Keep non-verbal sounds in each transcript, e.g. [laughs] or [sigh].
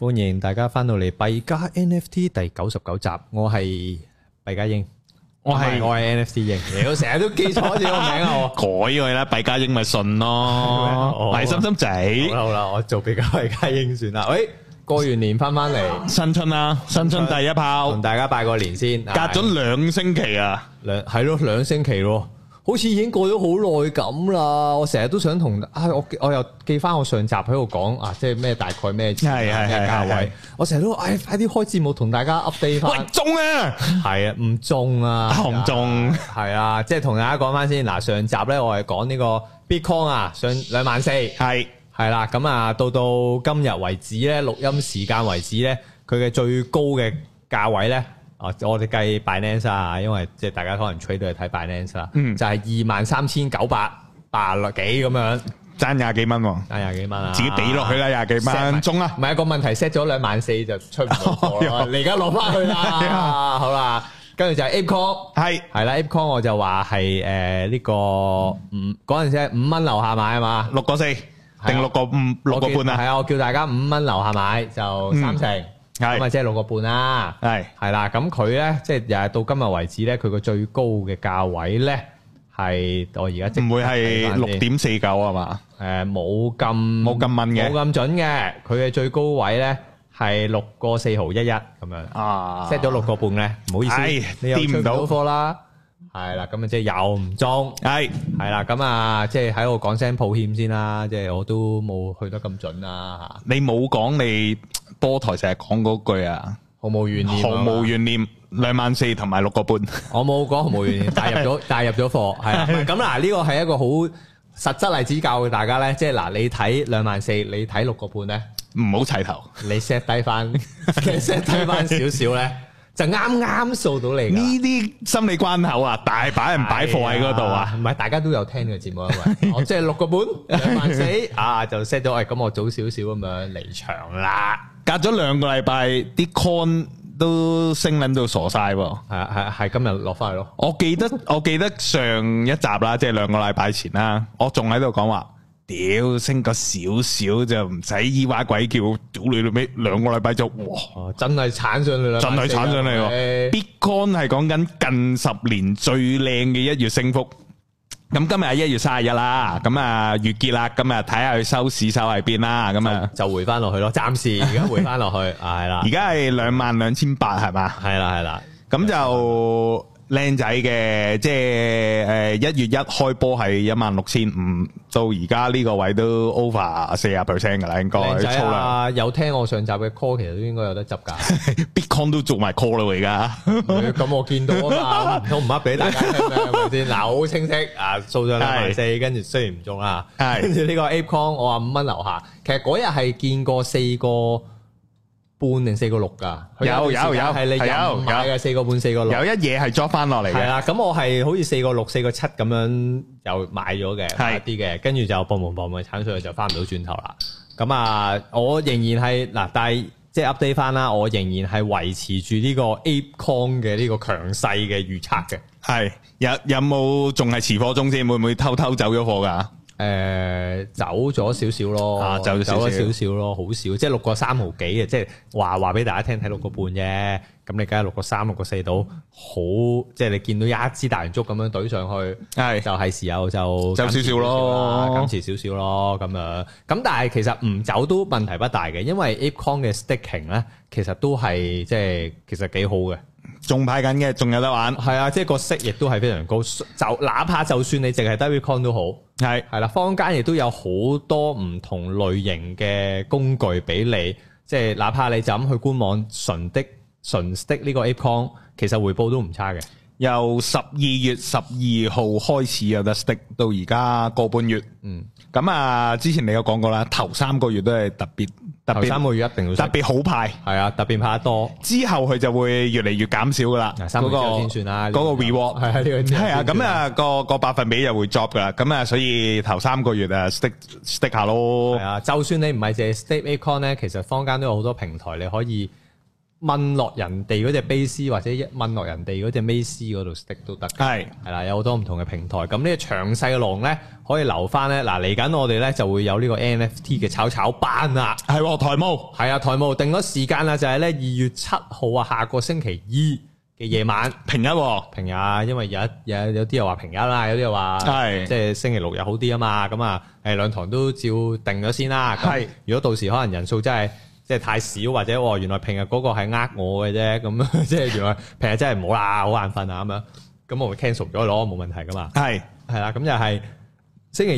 歡迎大家翻到嚟幣加 NFT 第九十九集，我係幣加英，我係我係 NFT 英，你都成日都記錯住我個名啊！改佢啦，幣加英咪信咯，係心心仔好啦，我做變個幣加英算啦。喂，過完年翻翻嚟，新春啦，新春第一炮，同大家拜個年先，隔咗兩星期啊，兩係咯兩星期咯。好似已經過咗好耐咁啦，我成日都想同啊，我、哎、我又記翻我上集喺度講啊，即係咩大概咩錢、啊，咩價位，是是是是我成日都唉、哎、快啲開節目同大家 update 翻。中啊，係 [laughs] 啊，唔中啊，唔、啊、中，係啊，啊，即係同大家講翻先嗱，上集咧我係講呢個 Bitcoin 啊，上兩萬四，係係啦，咁啊到到今日為止咧錄音時間為止咧，佢嘅最高嘅價位咧。哦，我哋計 Binance 啊，因為即係大家可能 trade 都係睇 Binance 啦。嗯，就係二萬三千九百八十幾咁樣，爭廿幾蚊喎，爭廿幾蚊啊！啊自己俾落去啦，廿幾蚊設中啦吧。唔係一個問題，set 咗兩萬四就出唔到 [laughs] 你而家落翻去啦，好啦。跟住就係 ApeCoin [laughs] 是，係係啦，ApeCoin 我就話係誒呢個五嗰陣時係五蚊樓下買啊嘛，六個四定六個五六個半啊？係啊，我叫大家五蚊樓下買就三成。嗯係咁啊，即係六個半啦。係係啦，咁佢咧，即係又係到今日為止咧，佢個最高嘅價位咧，係我而家即係唔會係六點四九啊嘛？誒，冇咁冇咁問嘅，冇咁準嘅，佢嘅最高位咧係六個四毫一一咁樣。啊，set 咗六個半咧，唔好意思，你掂唔到貨啦。係啦，咁啊，即係又唔中，係係啦，咁啊，即係喺度講聲抱歉先啦，即係我都冇去得咁準啦、啊。你冇講你波台成日講嗰句啊，毫無懸念，念，24，毫無懸念，兩萬四同埋六個半，我冇講毫無懸念，帶入咗，帶係入咗貨，係咁嗱，呢個係一個好實質嚟指教大家咧，即係嗱，你睇兩萬四，你睇六個半咧，唔好齊頭，你 set 低翻，set 低翻少少咧。 [laughs] 就啱啱掃到你呢啲心理關口啊！大擺唔擺貨喺嗰度啊！唔係大家都有聽嘅節目啊！喂，我即係六個半，死啊！就 set 咗，誒喂咁我早少少咁樣離場啦。隔咗兩個禮拜，啲 con 都升撚到傻曬喎！係係係，今日落翻去咯。我記得我記得上一集啦，即係兩個禮拜前啦，我仲喺度講話。屌升個少少就唔使依話鬼叫屌你老尾兩個禮拜就哇真係鏟上嚟啦，真係鏟上嚟喎！Bitcoin 係講緊近十年最靚嘅一月升幅。咁今日係一月卅日啦，咁啊月結啦，咁啊睇下佢收市收喺邊啦，咁啊就回翻落去咯。暫時而家回翻落去啊，係啦，而家係兩萬兩千八係嘛，係啦係啦，咁就。靚仔嘅，即係誒一月一開波係一萬六千五，到而家呢個位都 over 四十 percent 㗎啦，應該。靚俊量有聽我上集嘅 call，其實都應該有得執㗎。Bitcoin [laughs] 都做埋 call 啦，而家、 [laughs] 嗯。咁、嗯嗯、我見到啊嘛，都唔呃俾大家聽，明唔明先？嗱，好清晰啊，數咗兩萬四，跟住雖然唔中啊，跟住呢個 ApeCoin，我話五蚊樓下，其實嗰日係見過四個。半定四個六噶，有有有係你有有，有四個半四個六，有，有，有一嘢係捉翻落嚟係啦，咁我係好似四個六四個七咁樣又買咗嘅，啲嘅是，跟住就搏命搏命鏟水就翻唔到轉頭啦。咁啊，我仍然係嗱、啊，但係即係 update 翻啦，我仍然係維持住呢個 ApeCoin 嘅呢個強勢嘅預測嘅。係有有冇仲係持貨中先？會唔會偷偷走咗貨噶？誒走咗少少咯，走走咗少少咯，好少，即係六個三毫幾嘅，即係話話俾大家聽，睇六個半啫。咁你梗係六個三、六個四到，好即係你見到一支大陽燭咁樣堆上去，係就係時候就走少少咯，減持少少咯咁樣。咁但係其實唔走都問題不大嘅，因為 ApeCoin 嘅 staking 咧，其實都係即係其實幾好嘅。仲派緊嘅，仲有得玩，係啊，即係個息亦都係非常高。就哪怕就算你淨係 W Coin 都好，係係啦，坊間亦都有好多唔同類型嘅工具俾你，即係哪怕你就咁去官網純的純的呢個 ApeCoin，其實回報都唔差嘅。由十二月十二號開始有得 Stake，到而家個半月，嗯，咁啊，之前你有講過啦，頭三個月都係特別。三個月一定要特別好派，係啊，特別派得多，之後佢就會越嚟越減少噶啦。三個先算啦，嗰個 reward 係啊，咁啊個個百分比又會 drop 噶，咁啊，所以頭三個月啊，stick stick 下咯。係啊，就算你唔係借 state account 咧，其實坊間都有好多平台你可以。問落人哋嗰隻 base 或者一問落人哋嗰隻 base 嗰度 stick 都得，係係啦，有好多唔同嘅平台。咁呢個詳細嘅龍呢，可以留翻呢。嗱嚟緊我哋呢，就會有呢個 NFT 嘅炒炒班啊，係台務，係啊台務定咗時間啦，就係呢二月七號啊，下個星期二嘅夜晚，平一、啊、平日，因為有有有啲又話平日啦，有啲又話係即係星期六又好啲啊嘛，咁啊誒兩堂都照定咗先啦。係如果到時可能人數真係。即係太少，或者原來平日嗰個係呃我嘅啫，咁即係原來平日真係唔好啦，好眼瞓啊咁樣，咁我 cancel 咗咯，冇問題噶嘛。係係啦，咁就係星期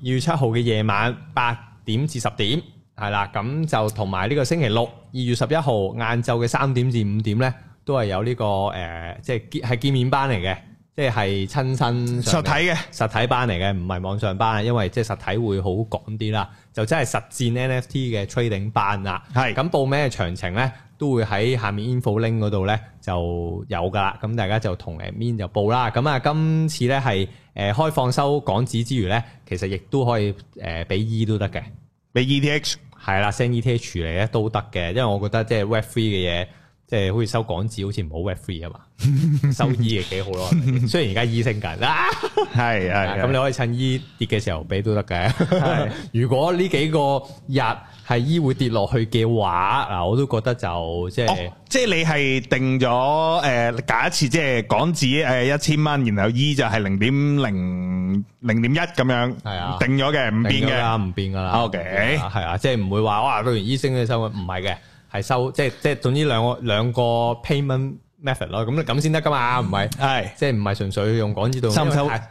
二二月七號嘅夜晚八點至十點，係啦，咁就同埋呢個星期六二月十一號晏晝嘅三點至五點咧，都係有呢、這個呢個誒，即係係見面班嚟嘅。即係親身實體嘅實體班嚟嘅，唔係網上班啊，因為即係實體會好講啲啦。就真係實戰 NFT 嘅 trading 班啦。係咁，是報名嘅詳情咧，都會喺下面 info link 嗰度咧就有㗎啦。咁大家就同 admin 就報啦。咁啊，今次咧係誒開放收港紙之餘咧，其實亦、呃 e、都可以誒俾 E 都得嘅，俾 ETH 係啦，send ETH 嚟咧都得嘅，因為我覺得即係 Web3 嘅嘢。即係好似收港紙，好似唔好 weird free 啊嘛，收 E 嘅幾好咯。雖然而家 E 升緊啦，係啊，咁你可以趁 E 跌嘅時候俾都得嘅。如果呢幾個日係 E 會跌落去嘅話，嗱，我都覺得就即係即係你係定咗誒，假設即係港紙誒一千蚊，然後 E 就係零點零零點一咁樣，係啊，定咗嘅，唔變嘅，唔變噶啦，OK，係啊，即係唔會話哇到完 E 升嘅時候，唔係嘅。係收即係即係，總之兩個兩個 payment method 咯，咁咧咁先得噶嘛？唔係，係即係唔係純粹用港呢度收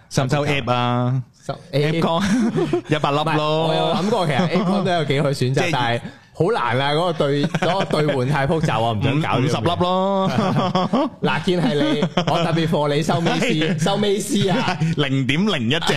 收 app 啊，收 Acoin 一百粒咯。我有諗過其實 a c o i 都有幾許選擇，但係好難啊！嗰個兌嗰個兌換太複雜啊，唔想搞。五十粒咯，嗱，見係你，我特別 for 你收美 C，收美 C，啊，零點零一隻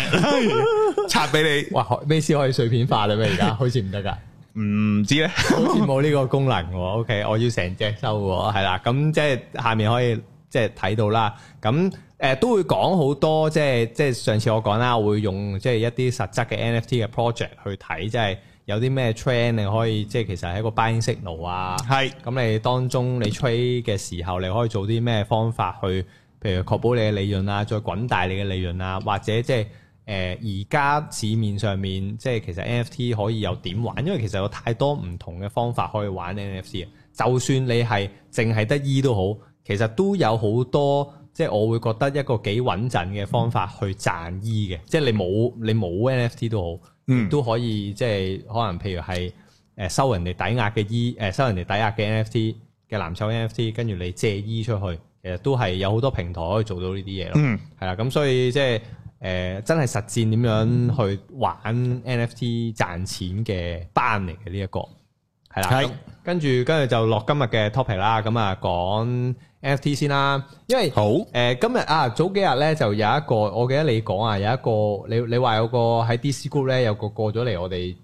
拆俾你。哇，美 C 可以碎片化你咩？而家好似唔得噶。唔知咧，好似冇呢個功能喎。 [laughs] o、okay, K，我要成隻收喎，係啦。咁即係下面可以即係睇到啦。咁誒、呃、都會講好多，即係即係上次我講啦，我會用即係一啲實質嘅 NFT 嘅 project 去睇，即係有啲咩 trend 你可以即係其實喺個 buy signal 啊。係咁是，你當中你 trade 嘅時候，你可以做啲咩方法去，譬如確保你嘅利潤啊，再滾大你嘅利潤啊，或者即係。誒而家市面上面，即係其實 NFT 可以有點玩，因為其實有太多唔同嘅方法可以玩 NFT 啊。就算你係淨係得醫、e、都好，其實都有好多，即係我會覺得一個幾穩陣嘅方法去賺醫、e、嘅。即係你冇你冇 NFT 都好，嗯，都可以，即係可能譬如係誒收人哋抵押嘅醫，誒收人哋抵押嘅 NFT 嘅藍籌 NFT，跟住你借醫、e、出去，其實都係有好多平台可以做到呢啲嘢咯。嗯，係啦，咁所以即係。誒、呃、真係實戰點樣去玩 NFT 賺錢嘅班嚟嘅，呢一個係啦是的、嗯，跟住跟住就落今日嘅 topic 啦，咁、嗯、啊講 NFT 先啦，因為好誒、呃、今日啊早幾日咧就有一個我記得你講啊，有一個你你話有個喺 DC Group 咧有個過咗嚟我哋。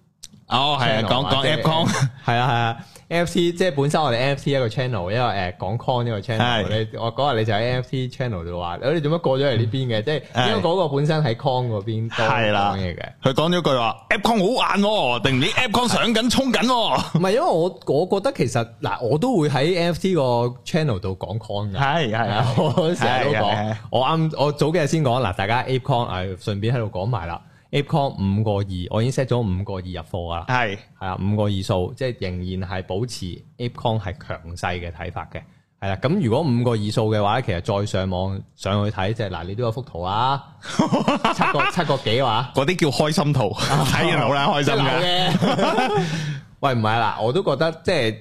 哦，係啊，講講 AppCon 係啊係啊 NFT 即係本身我哋 NFT 一個 channel，一個誒講 Con 一個 channel。你我嗰日你就喺 NFT channel 度話，你做乜過咗嚟呢邊嘅？即係因為嗰個本身喺 Con 嗰邊係啦講嘢嘅。佢講咗句話 AppCon 好玩喎，定你 AppCon 上緊沖緊喎。唔係，因為我我覺得其實嗱，我都會喺 NFT 個 channel 度講 Con 嘅。係係啊，我成日都講。我啱，我早幾日先講嗱，大家 AppCon 誒，順便喺度講埋啦。Apecoin 五個二，2，我已經 set 咗五個二入貨啊！系係啊，五個二數，即係、就是、仍然係保持 Apecoin 係強勢嘅睇法嘅。係啦，咁如果五個二數嘅話，其實再上網上去睇，即係嗱，你都有幅圖啊，七個七個幾話、啊，嗰啲 [laughs] 叫開心圖，睇完好啦，開心嘅。啊、 [laughs] [laughs] 喂，唔係啦，我都覺得即係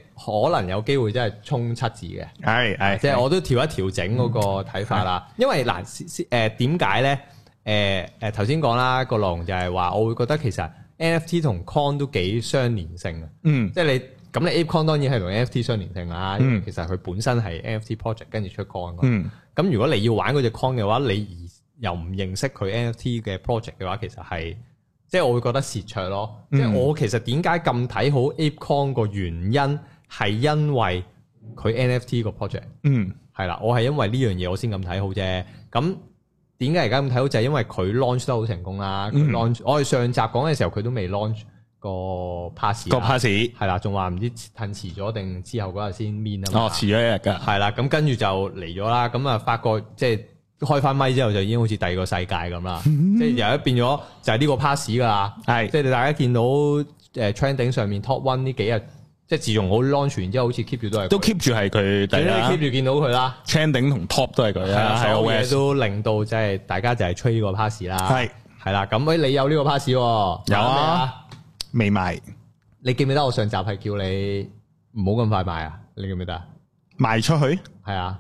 可能有機會真係衝七字嘅。係系，即係我都調一調整嗰個睇法啦。因為嗱，先誒，點解咧？誒誒頭先講啦，個論就係話，我會覺得其實 NFT 同 Coin 都幾相連性嘅。嗯，即係你咁，你 ApeCoin 當然係同 NFT 相連性啦。嗯、因為其實佢本身係 NFT project 跟住出 Coin。嗯，咁如果你要玩嗰隻 Coin 嘅話，你而又唔認識佢 NFT 嘅 project 嘅話，其實係即係我會覺得蝕章咯。嗯、即係我其實點解咁睇好 ApeCoin 個原因係因為佢 NFT 個 project。嗯，係啦，我係因為呢樣嘢我先咁睇好啫。咁。點解而家咁睇到就係因為佢 launch 得好成功啦，launch 我哋上集講嘅時候佢都未 launch 個 pass 個 pass 係啦，仲話唔知騰遲咗定之後嗰日先面啊哦遲咗一日㗎，係啦，咁跟住就嚟咗啦，咁啊發覺即係開翻咪之後就已經好似第二個世界咁啦，即係由一變咗就係呢個 pass 噶，係即係大家見到誒 trending 上面 top one 呢幾日。即係自從好 launch 完之後，好似 keep 住都係、啊啊啊、都 keep 住係佢，keep 住見到佢啦。c h a i d i n g 同 top 都係佢，所、哎、有,有啊，都令到即係大家就係吹呢個 pass 啦。係係啦，咁誒你有呢個 pass？有啊，未賣。你記唔記得我上集係叫你唔好咁快賣啊？你記唔記得？賣出去係啊？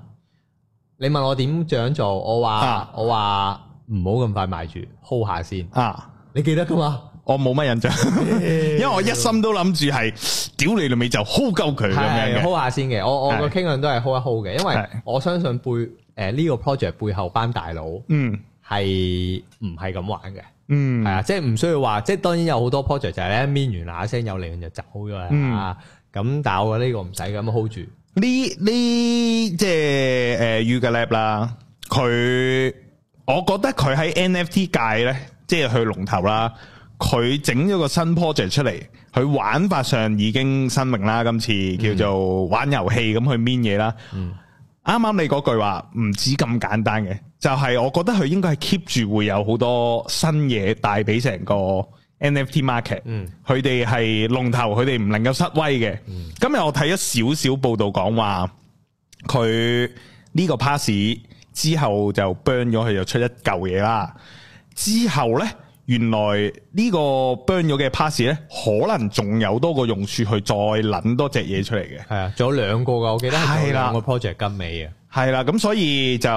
你問我點樣做？我話我話唔好咁快賣住，hold 下先啊！先啊你記得噶嘛？我冇乜印象，因為我一心都諗住係屌你老尾就 hold 鳩佢咁樣，hold 下先嘅。我我個傾向都係 hold 一 hold 嘅，因為我相信背誒呢、呃這個 project 背後班大佬係係，嗯，係唔係咁玩嘅，嗯，係啊，即係唔需要話，即、就、係、係、當然有好多 project 就係咧，面完嗱嗱聲有利就走咗、嗯呃、啦，咁但係我呢個唔使咁 hold 住呢呢，即係誒 Yugalab 啦，佢我覺得佢喺 NFT 界咧，即係去龍頭啦。佢整咗個新 project 出嚟，佢玩法上已經新穎啦。今次叫做玩遊戲咁去 mint 嘢啦。啱啱、嗯嗯、你嗰句話唔止咁簡單嘅，就係、是、我覺得佢應該係 keep 住會有好多新嘢帶俾成個 NFT market。佢哋係龍頭，佢哋唔能夠失威嘅。嗯、今日我睇咗少少報道，講話佢呢個 pass 之後就 burn 咗，佢就出一舊嘢啦。之後呢？原來呢個 burn 咗嘅 pass 咧，可能仲有多個用處，去再諗多隻嘢出嚟嘅。係啊，仲有兩個噶，我記得係兩個 project 金尾啊。係啦，咁所以就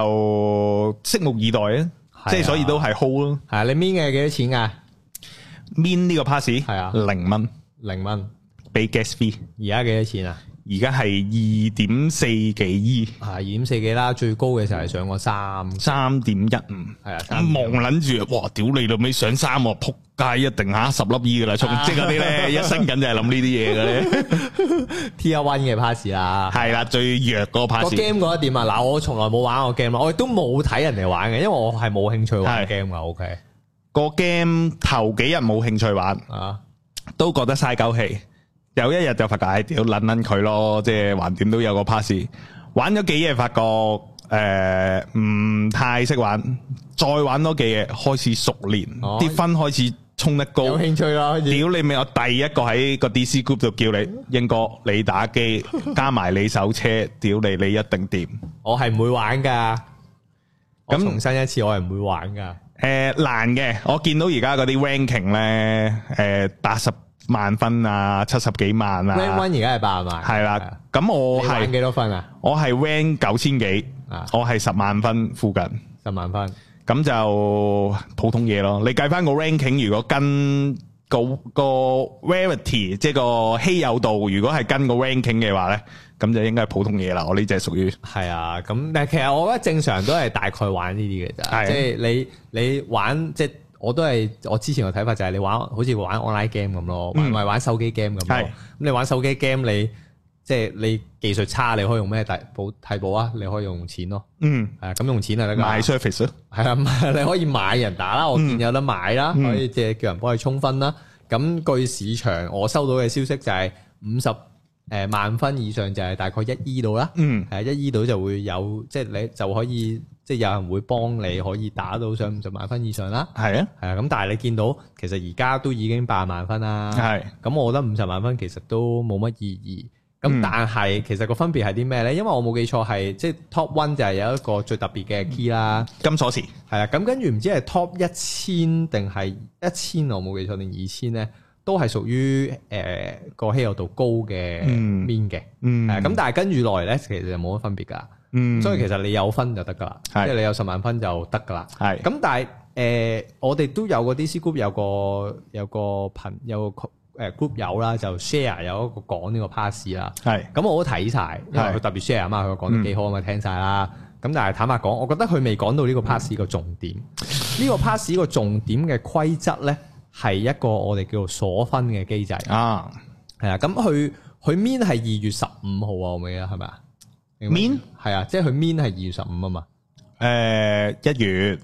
拭目以待啊。即係所以都係 hold 咯。係啊，你 min 嘅幾多錢㗎？min 呢個 pass，係啊，零蚊。零蚊俾 gas fee，而家幾多錢啊？而家係二點四幾億，係二點四幾啦。最高嘅時候係上過三三點一五，係啊。但望捻住，哇！屌你老味上三個撲街一定吓，十粒億噶啦。從即嗰啲咧，一生緊就係諗呢啲嘢嘅咧。Tier one 嘅 pass 啦，係啦，最弱個 pass。個 game 覺得點啊？嗱，我從來冇玩過 game 咯，我亦都冇睇人哋玩嘅，因為我係冇興趣玩 game 噶。O K，個 game 頭幾日冇興趣玩啊，都覺得嘥鳩氣。有一日就發覺，屌捻捻佢咯，即係橫掂都有個 pass。玩咗幾日發覺，誒唔太識玩，再玩多幾日開始熟練，啲分開始衝得高。有興趣啦，屌你咪我第一個喺個 DC group 度叫你，鷹哥你打機加埋你手車，屌你你一定掂。我係唔會玩噶，咁重新一次我係唔會玩噶。誒難嘅，我見到而家嗰啲 ranking 咧，誒八十。萬分啊，七十幾萬啊，rank one 而家係八萬，係啦，咁我係幾多分啊？我係 rank 九千幾，我係十萬分附近，十萬分，咁就普通嘢咯。你計翻個 ranking，如果跟嗰個 rarity，即係個稀有度，如果係跟個 ranking 嘅話咧，咁就應該係普通嘢啦。我呢隻屬於係啊，咁但係其實我覺得正常都係大概玩呢啲嘅咋，即係你你玩即係。我都係我之前嘅睇法就係你玩好似玩 online game 咁咯，唔係、嗯、玩手機 game 咁。咁是你玩手機 game 你即係、就是、你技術差你可以用咩大保替補啊？你可以用錢咯。嗯，係咁、啊、用錢啊你買 surface 咯。係啊，你可以買人打啦，我見有得買啦，嗯、可以即係叫人幫佢充分啦。咁據市場我收到嘅消息就係五十誒萬分以上就係大概一 e 度啦。嗯，係一 e 度就會有即係、就是、你就可以。即係有人會幫你，可以打到上五十萬分以上啦。係啊，係啊。咁但係你見到其實而家都已經八萬分啦。係是。咁我覺得五十萬分其實都冇乜意義。咁、嗯、但係其實個分別係啲咩呢？因為我冇記錯係即係 Top One 就係有一個最特別嘅 key 啦、嗯，金鎖匙。係啊。咁跟住唔知係 Top 一千定係一千我冇記錯定二千呢，都係屬於誒個、呃、稀有度高嘅面嘅。嗯。咁、啊、但係跟住落嚟其實就冇乜分別㗎。嗯，所以其實你有分就得㗎喇，是即係你有十萬分就得㗎喇。係是，咁但係誒、呃，我哋都有個 DC group 有個有個朋有個誒、呃、group 友啦，就 share 有一個講呢個 pass 啦。係是，咁我都睇晒，因為佢特別 share 啊嘛，佢講得幾好啊嘛，是嗯、聽晒啦。咁但係坦白講，我覺得佢未講到呢個 pass 個重點。呢、嗯、個 pass 個重點嘅規則咧，係一個我哋叫做鎖分嘅機制啊。係啊，咁佢佢面係二月十五號啊，我記得係咪啊？面係啊，即係佢面係二月十五啊嘛。誒、呃，一月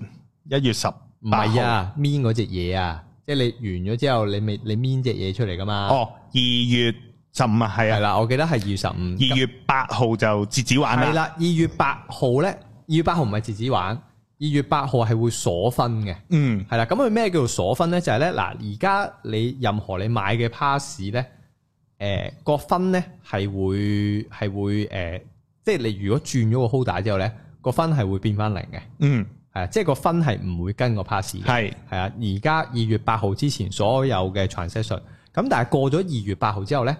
一月十五，唔係啊，面嗰隻嘢啊，即係你完咗之後你，你未你面隻嘢出嚟噶嘛？哦，二月十五啊，係係啦，我記得係二月十五。二、啊、月八號就截止玩啦。二月八號咧，二月八號唔係截止玩，二月八號係會鎖分嘅。嗯，係啦、啊。咁佢咩叫做鎖分咧？就係咧嗱，而家你任何你買嘅 pass 咧，誒、呃、個分咧係會係會誒。即係你如果轉咗個 hold 之後呢，個分係會變翻零嘅。嗯，係即係個分係唔會跟個 pass。係係是 啊，而家二月八號之前所有嘅 transaction，咁但係過咗二月八號之後呢，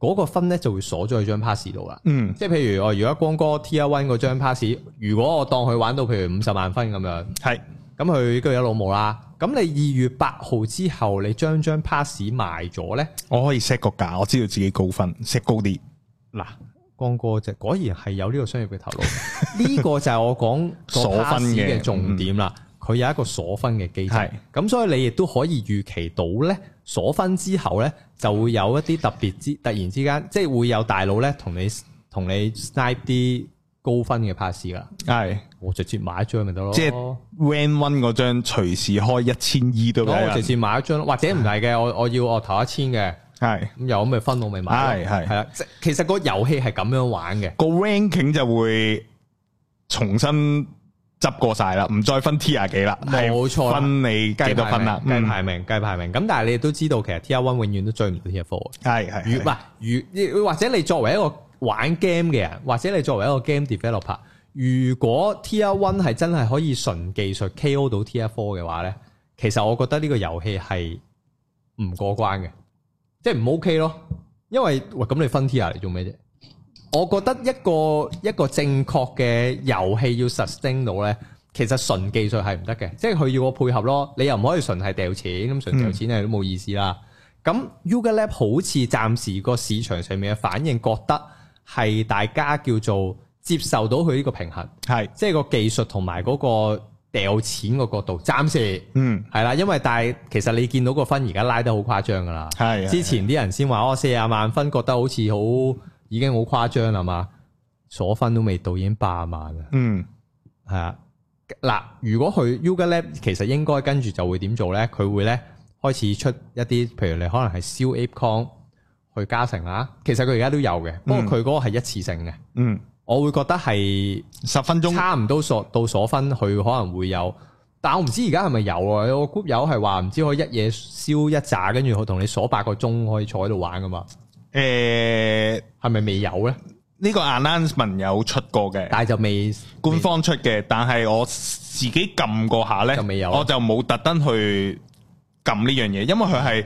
嗰個分呢就會鎖咗去張 pass 度啦。嗯，即係譬如我如果光哥 t r o n e 張 pass，如果我當佢玩到譬如五十萬分咁樣，係是，咁佢跟有老母啦。咁你二月八號之後你張，你將張 pass 賣咗呢，我可以 set 個價，我知道自己高分 set 高啲嗱。光哥就果然係有呢個商業嘅頭腦，呢 [laughs] 個就係我講鎖分嘅重點啦。佢、嗯、有一個鎖分嘅機制，咁是所以你亦都可以預期到咧，鎖分之後咧就會有一啲特別之突然之間，即係會有大佬咧同你同你 snipe 啲高分嘅 pass 嘅。係是，我直接買一張咪得咯，即係 van one 嗰張隨時開一千二都得。No，我直接買一張，或者唔係嘅，我我要我投一千嘅。係咁，是又咁咪分到未埋？係係係啦，即是的其實個遊戲係咁樣玩嘅，個 ranking 就會重新執過晒啦，唔再分 tier 幾啦。冇錯錯，分你幾多分啦？計排名，計、嗯、排名。咁但係你都知道，其實 Tier 1永遠都追唔到 Tier 4是。係係，唔係，如或者你作為一個玩 game 嘅人，或者你作為一個 game developer，如果 Tier 1係真係可以純技術 K O 到 Tier 4嘅話咧，其實我覺得呢個遊戲係唔過關嘅。即係唔 OK 咯，因為喂，咁你分 T 啊嚟做咩啫？我覺得一個一個正確嘅遊戲要 sustain 到呢，其實純技術係唔得嘅，即係佢要個配合咯。你又唔可以純係掉錢咁，純掉錢係都冇意思啦。咁 Yuga Lab 好似暫時個市場上面嘅反應，覺得係大家叫做接受到佢呢個平衡，係是即係個技術同埋嗰個。掉錢個角度，暫時嗯係啦，因為但係其實你見到個分而家拉得好誇張㗎啦，係是的 之前啲人先話我四廿萬分，覺得好似好已經好誇張啦嘛，鎖分都未到，已經八廿萬啦，嗯係啊，嗱，如果佢 Yuga Lab 其實應該跟住就會點做咧，佢會咧開始出一啲譬如你可能係燒 ApeCoin 去加成啊，其實佢而家都有嘅，嗯、不過佢嗰個係一次性嘅、嗯，嗯。我會覺得係十分鐘，差唔多鎖到鎖分，佢可能會有，但係我唔知而家係咪有啊？有個 group 友係話唔知可以一夜燒一紮，跟住佢同你鎖八個鐘可以坐喺度玩噶嘛？誒，係咪未有咧？呢個 announcement 有出過嘅，但係就未官方出嘅。但係我自己撳過下咧，就未有。我就冇特登去撳呢樣嘢，因為佢係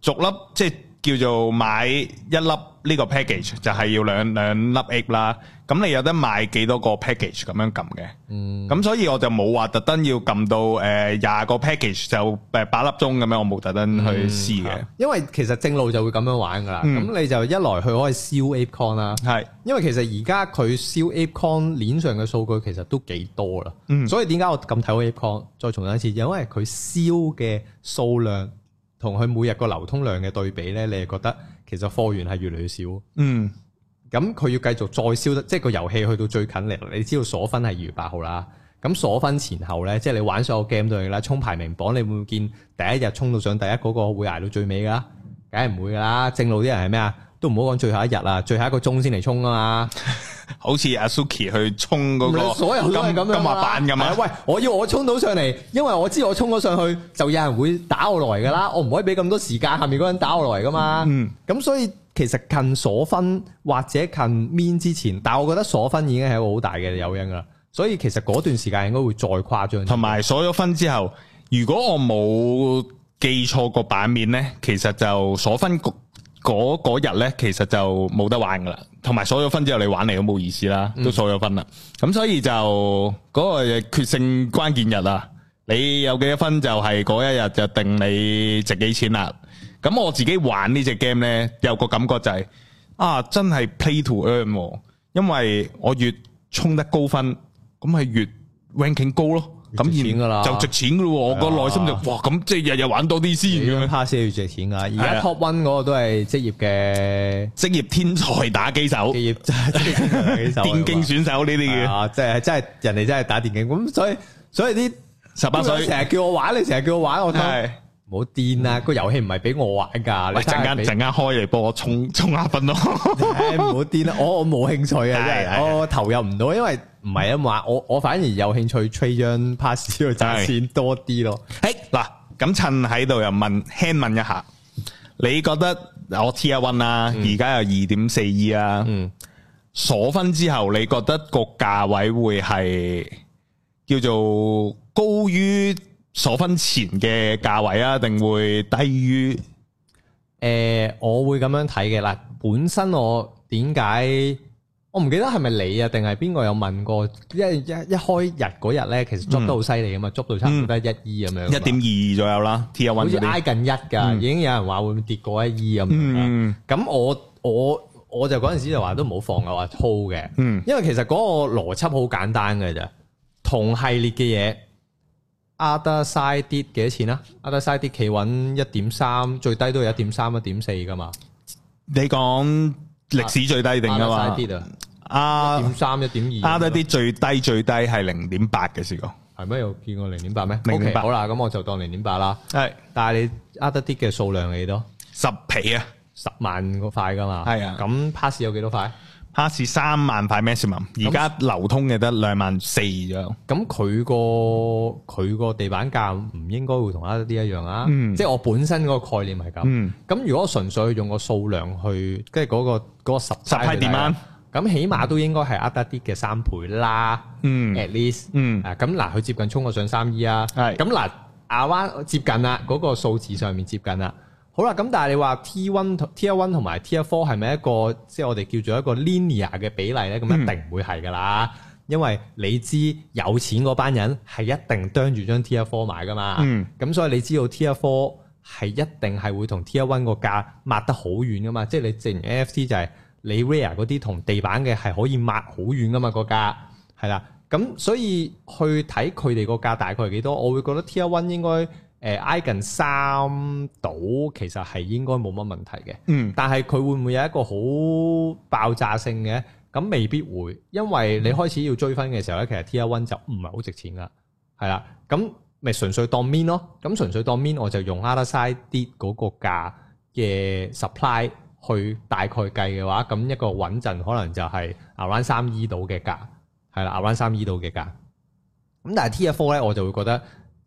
逐粒即係。叫做買一粒呢個 package 就係、是、要兩兩粒 Ape 啦，咁你有得買幾多個 package 咁樣撳嘅，咁、嗯、所以我就冇話特登要撳到誒廿個 package 就誒八粒鐘咁樣，我冇特登去試嘅、嗯嗯。因為其實正路就會咁樣玩噶啦，咁、嗯、你就一來去可以燒 ape con 啦，係是，因為其實而家佢燒 ape con 鏈上嘅數據其實都幾多啦，嗯、所以點解我咁睇好 ape con？再重申一次，因為佢燒嘅數量。同佢每日個流通量嘅對比呢，你係覺得其實貨源係越嚟越少。嗯，咁佢要繼續再燒得，即係個遊戲去到最近嚟，你知道鎖分係二月八號啦。咁鎖分前後呢，即係你玩上個 game 都係啦，衝排名榜，你會唔會見第一日衝到上第一嗰個會捱到最尾噶？梗係唔會噶啦。正路啲人係咩啊？都唔好講最後一日啦，最後一個鐘先嚟衝啊嘛。 [laughs] 好似 Azuki 去衝嗰個金金馬板咁嘛？喂，我要我衝到上嚟，因為我知我衝咗上去就有人會打我來噶啦，嗯、我唔可以俾咁多時間下面嗰人打我來噶嘛。嗯，咁所以其實近鎖分或者近 mint 之前，但係我覺得鎖分已經係一個好大嘅誘因噶啦。所以其實嗰段時間應該會再誇張。同埋鎖咗分之後，如果我冇記錯個版面咧，其實就鎖分局。嗰日咧，其實就冇得玩噶啦，同埋鎖咗分之後，你玩嚟都冇意思啦，都鎖咗分啦。咁、嗯、所以就嗰個決勝關鍵日啊，你有幾多分就係嗰一日就定你值幾錢啦。咁我自己玩呢隻 game 咧，有個感覺就係、是、啊，真係 play to earn，、啊、因為我越沖得高分，咁係越 ranking 高咯。咁值錢噶啦，就值錢噶咯，我個內心就哇咁，即係日日玩多啲先。卡先要值錢噶，而家 top one 嗰個都係職業嘅職業天才打機手，職業天才打機手、電競選手呢啲嘅，即係真係人哋真係打電競。咁所以所以啲十八歲成日叫我玩，你成日叫我玩，我都係唔好癲啦。個遊戲唔係俾我玩噶，你陣間陣間開嚟幫我充充下分咯。唔好癲啦，我我冇興趣嘅，我投入唔到，因為。唔係啊嘛，我我反而有興趣 trade 張 pass 去賺錢多啲咯。誒，嗱，咁趁喺度又問輕問一下，你覺得我 T 一 one 啊，而家、嗯、有二點四二啊，鎖、嗯、分之後你覺得個價位會係叫做高於鎖分前嘅價位啊，定會低於？誒、呃，我會咁樣睇嘅啦。本身我點解？我唔記得係咪你啊，定係邊個有問過？一一一開日嗰日咧，其實捉得好犀利噶嘛，捉到差唔多一二咁樣，一點二二左右啦。好似挨近一噶，已經有人話會跌過一二咁樣。咁我我我就嗰陣時就話都唔好放啊，話操嘅。因為其實嗰個邏輯好簡單嘅啫，同系列嘅嘢，Otherside 幾多錢啊？Otherside 企穩一點三，最低都有一點三一點四噶嘛。你講歷史最低定啊嘛？啊，一點三、一點二，呃得啲最低最低係零點八嘅試過，係咩？有見過零點八咩？零點八。好啦，咁我就當零點八啦。係，但係你呃得啲嘅數量幾多？十皮啊，十萬嗰塊噶嘛？係啊，咁 pass 有幾多塊？pass 三萬塊 maximum，而家流通嘅得兩萬四咋。咁佢個佢個地板價唔應該會同呃得啲一樣啊？嗯，即係我本身個概念係咁。嗯，咁如果純粹用個數量去，即係嗰個嗰個實實批 d 咁起碼都應該係呃得啲嘅三倍啦，嗯，at least，嗯，啊咁嗱，佢接近衝我上三二、e、啊，係是，咁嗱、啊，亞灣接近啦，嗰、那個數字上面接近啦，好啦，咁但係你話 T one、T one 同埋 T four 係咪一個即係、就是、我哋叫做一個 linear 嘅比例咧？咁一定唔會係噶啦，嗯、因為你知有錢嗰班人係一定啄住張 T four 買噶嘛，咁、嗯、所以你知道 T four 係一定係會同 T one 個價抹得好遠噶嘛，即、就、係、是、你整 NFT 就係、是。你 rare 嗰啲同地板嘅係可以抹好遠噶嘛？個價係啦，咁所以去睇佢哋個價大概係幾多？我會覺得 T1 One 應該誒、呃、挨近三度，其實係應該冇乜問題嘅。嗯，但係佢會唔會有一個好爆炸性嘅？咁未必會，因為你開始要追分嘅時候咧，其實 T1 就唔係好值錢噶，係啦。咁咪純粹當 mean 咯。咁純粹當 mean，我就用 h a r d side 啲嗰個價嘅 supply。去大概計嘅話，咁一個穩陣可能就係 around 三 E 度嘅價，係啦，around 三 E 度嘅價。咁但係 Tier Four 咧，我就會覺得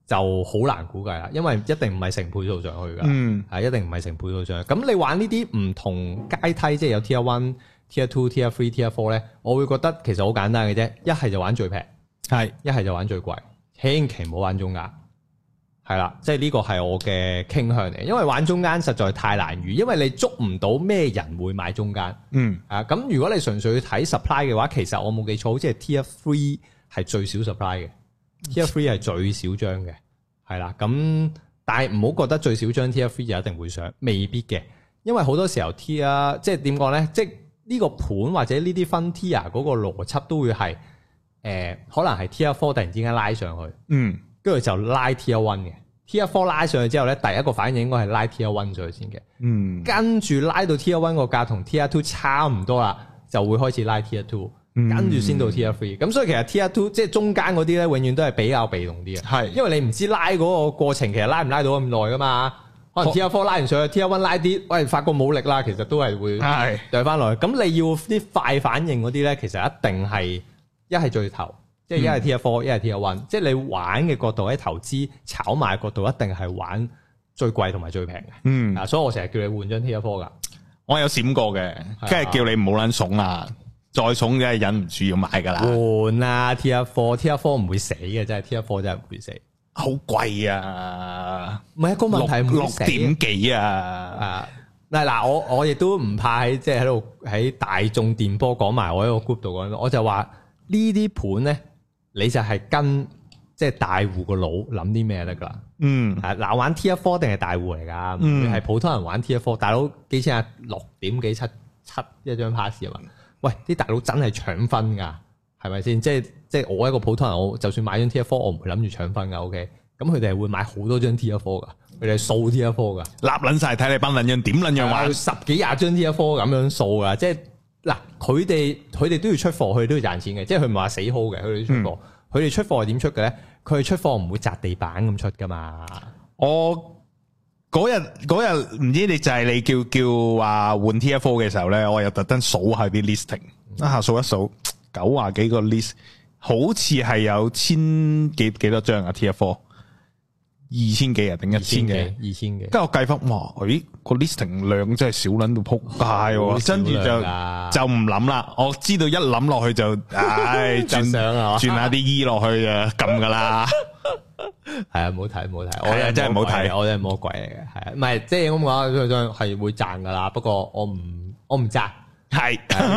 就好難估計啦，因為一定唔係成倍數上去噶，係、嗯、一定唔係成倍數上去。咁你玩呢啲唔同階梯，即係有 Tier One、Tier Two、Tier Three、Tier Four 咧，我會覺得其實好簡單嘅啫，一係就玩最平，係，一係就玩最貴，千祈唔好玩中價。係啦，即係呢個係我嘅傾向嚟，因為玩中間實在太難預，因為你捉唔到咩人會買中間。嗯，啊，咁如果你純粹睇 supply 嘅話，其實我冇記錯，好似係 tier three 係最少 supply 嘅，tier three 係、嗯、最少張嘅，係啦。咁但係唔好覺得最少張 tier three 就一定會上，未必嘅，因為好多時候 tier 啊，即係點講呢？即係呢個盤或者呢啲分 tier 啊嗰個邏輯都會係，誒、呃，可能係 tier four 突然之間拉上去。嗯。跟住就拉 T R one 嘅，T R four 拉上去之後咧，第一個反應應該係拉 T R one 咗先嘅。嗯，跟住拉到 T R one 個價同 T R two 差唔多啦，就會開始拉 T R two，跟住先到 T R three。咁所以其實 T R two 即係中間嗰啲咧，永遠都係比較被動啲嘅。係是，因為你唔知拉嗰個過程其實拉唔拉到咁耐㗎嘛。可能 T R four 拉完上去，T R one 拉啲，喂、哎，發覺冇力啦，其實都係會掉翻落去。咁是你要啲快反應嗰啲咧，其實一定係一係最頭。4, 1, 嗯、即係一係 T4，一係 T1，即係你玩嘅角度喺投資炒賣角度，角度一定係玩最貴同埋最平嘅。嗯，啊，所以我成日叫你換張 T4 噶，我有閃過嘅，跟住叫你唔好卵慫啊，再重真係忍唔住要買噶啦。換啦、啊、，T4，T4 唔會死嘅，真係 T4 真係唔會死，好貴啊，唔係一個問題，六點幾啊，啊，啊但，啊，嗱嗱，我我亦都唔怕，即係喺度喺大眾電波講埋，我喺個 group 度講，我就話呢啲盤咧。你就係跟即係大戶個腦諗啲咩得㗎？嗯，嗱、啊，玩 T4 定係大戶嚟㗎？嗯，係普通人玩 T4，大佬幾千下六點幾七七一張 pass 啊嘛？喂，啲大佬真係搶分㗎，係咪先？即係即係我一個普通人，我就算買張 T4，我唔會諗住搶分㗎。O K，咁佢哋係會買好多張 T4 㗎，佢哋掃 T4 㗎，立撚晒睇你班撚樣點撚樣，樣玩，啊、十幾廿張 T4 咁樣掃㗎，即係。嗱，佢哋佢哋都要出貨，佢哋都要賺錢嘅，即係佢唔話死好嘅，佢哋出貨，佢哋、嗯、出貨係點出嘅咧？佢哋出貨唔會砸地板咁出噶嘛我？我嗰日嗰日唔知你就係你叫叫話換 TF4 嘅時候咧，我又特登數下啲 listing，一下 list ing、嗯、數一數九啊幾個 list，好似係有千幾幾多張啊 TF4 二千幾啊，定一千幾？二千幾？跟住我計翻，哇！咦、哎，個 listing 量真係少捻到撲街喎，跟住、哦啊、就就唔諗啦。我知道一諗落去就唉，哎、 [laughs] 就了轉轉下啲 E 落去啊，咁噶啦。係啊，唔好睇，唔好睇，我真係唔好睇，我真係魔鬼嚟嘅。係啊，唔係即係我唔覺得係會賺噶啦，不過我唔我唔賺，係唔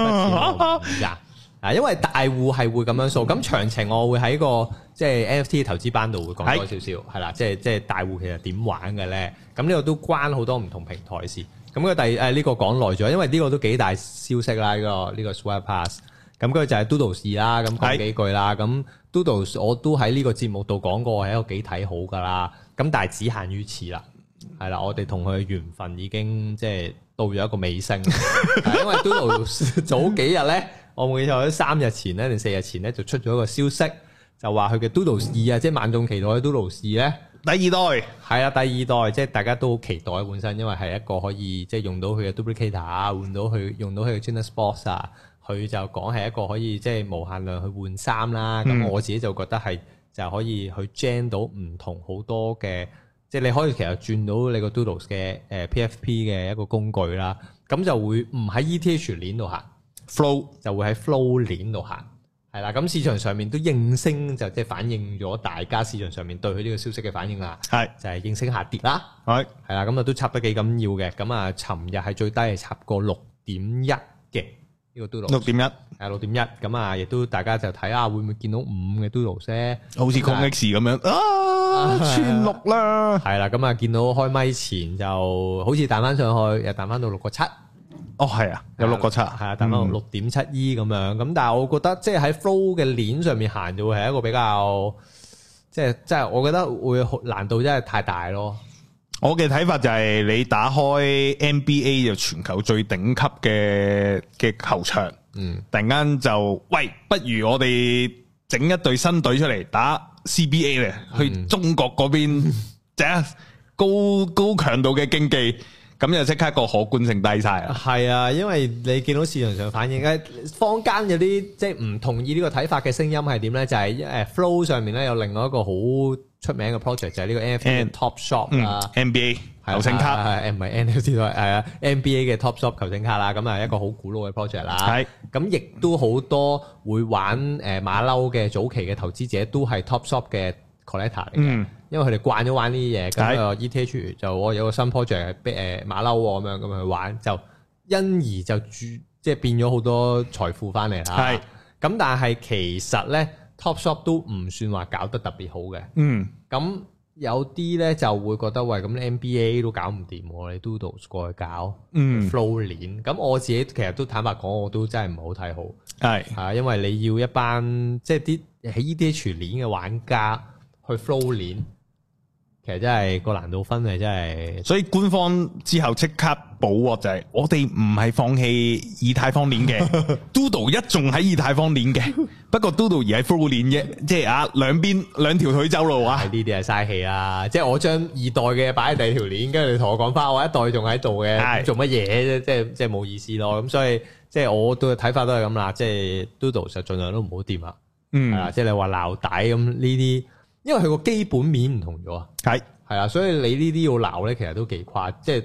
的 [laughs] 啊，因為大戶係會咁樣做，咁詳情我會喺個即係 NFT 投資班度會講多少少，係啦，即係即係大戶其實點玩嘅咧？咁呢個都關好多唔同平台事。咁佢第誒呢個講耐咗，因為呢個都幾大消息啦。呢個呢個 Sewer Pass，咁佢就係 Doodles 2啦，咁講幾句啦。咁 Doodles 我都喺呢個節目度講過，係一個幾睇好噶啦。咁但係只限於此啦，係啦，我哋同佢嘅緣分已經即係到咗一個尾聲，因為 Doodles 早幾日咧。我唔記得咗，三日前咧定四日前咧就出咗一個消息，就話佢嘅 Doodles 二啊，即係萬眾期待嘅 Doodles 二咧，第二代，係啊，第二代，即係大家都好期待本身，因為係一個可以即係用到佢嘅 Duplicator 換到佢用到佢嘅 Genesis Box 啊，佢就講係一個可以即係無限量去換衫啦。咁、嗯、我自己就覺得係就可以去 gen 到唔同好多嘅，即係你可以其實轉到你個 Doodles 嘅誒、呃、PFP 嘅一個工具啦。咁就會唔喺 ETH 鏈度行。flow 就會喺 flow 鏈度行，係啦，咁市場上面都應聲就即、是、係反映咗大家市場上面對佢呢個消息嘅反應啦，係是就係應聲下跌啦，係係啦，咁啊都插得幾緊要嘅，咁啊，尋日係最低係插過六點一嘅呢個 dollar，六點一係六點一，咁啊 6. 1，亦都大家就睇下會唔會見到五嘅 dollar 啫，好似 conex 咁樣、就是、啊穿六啦，係啦，咁啊見到開咪前就好似彈翻上去，又彈翻到六個七。哦，係啊，有六個七，係啊，等我六點七二咁樣。咁但係我覺得，即係喺 flow 嘅鏈上面行就會係一個比較，即係即係，我覺得會難度真係太大咯。我嘅睇法就係你打開 NBA 就全球最頂級嘅嘅球場，嗯，突然間就，喂，不如我哋整一隊新隊出嚟打 CBA 咧，去中國嗰邊，嗯、 [laughs] 高高強度嘅競技。咁就即刻個可觀性低晒啊！係啊，因為你見到市場上反應咧，坊間有啲即係唔同意呢個睇法嘅聲音係點咧？就係誒，flow 上面咧，有另外一個好出名嘅 project 就係呢個 NFT Top Shop 啊，NBA 球星卡係唔係 NFT 都係係啊 NBA 嘅 Top Shop 球星卡啦，咁啊一個好古老嘅 project 啦。係咁，亦都好多會玩誒馬騮嘅早期嘅投資者都係 Top Shop 嘅 collector 嚟嘅。因為佢哋慣咗玩呢啲嘢，咁啊的 ETH 就我有個新 project，誒馬騮咁樣咁去玩，就因而就住即係變咗好多財富翻嚟吓。係咁的，但係其實咧 Top Shop 都唔算話搞得特別好嘅。嗯，咁有啲咧就會覺得喂，咁 N B A 都搞唔掂，你 Doodles 過去搞，嗯，flow 鏈。咁我自己其實都坦白講，我都真係唔好睇好。係的啊，因為你要一班即係啲喺 ETH 鏈嘅玩家去 flow 鏈。其實真係個難度分係真係，所以官方之後即刻補鑊就係我哋唔係放棄以太坊鏈嘅 [laughs] ，Doodle 一仲喺以太坊鏈嘅，不過 Doodle 二係 flow 鏈嘅，即係啊兩邊兩條腿走路啊。呢啲係嘥氣啦，即係我將二代嘅擺喺第二條鏈，跟住你同我講翻，我一代仲喺度嘅，是做乜嘢啫？即係即係冇意思咯。咁所以即係我都睇法都係咁啦，即係 Doodle 就盡量都唔好掂啦。嗯，係啊，即係你話鬧底咁呢啲。因為佢個基本面唔同咗啊，係係啊，所以你呢啲要鬧咧，其實都幾誇，即係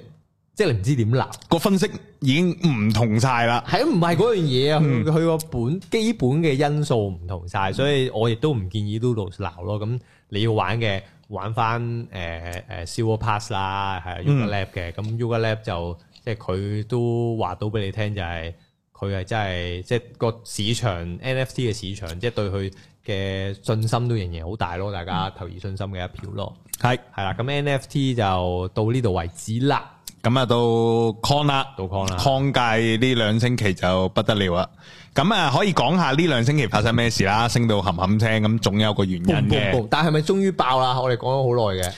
即係你唔知點鬧。個分析已經唔同晒啦，係啊，唔係嗰樣嘢啊？佢佢個本基本嘅因素唔同晒，所以我亦都唔建議都到鬧咯。咁你要玩嘅玩翻誒誒，Sewer Pass 啦，係 Yuga Lab 嘅。咁、嗯、Yuga Lab 就即係佢都話到俾你聽、就是，就係佢係真係即係個市場 NFT 嘅市場，即係對佢。嘅信心都仍然好大咯，大家投以信心嘅一票咯。係係啦，咁 NFT 就到呢度為止啦。咁啊，到 Con 啦，到 Con 啦，Con 界呢兩星期就不得了啦。咁啊，可以講下呢兩星期發生咩事啦？升到冚冚聲，咁總有個原因嘅。但係咪終於爆啦？我哋講咗好耐嘅。誒、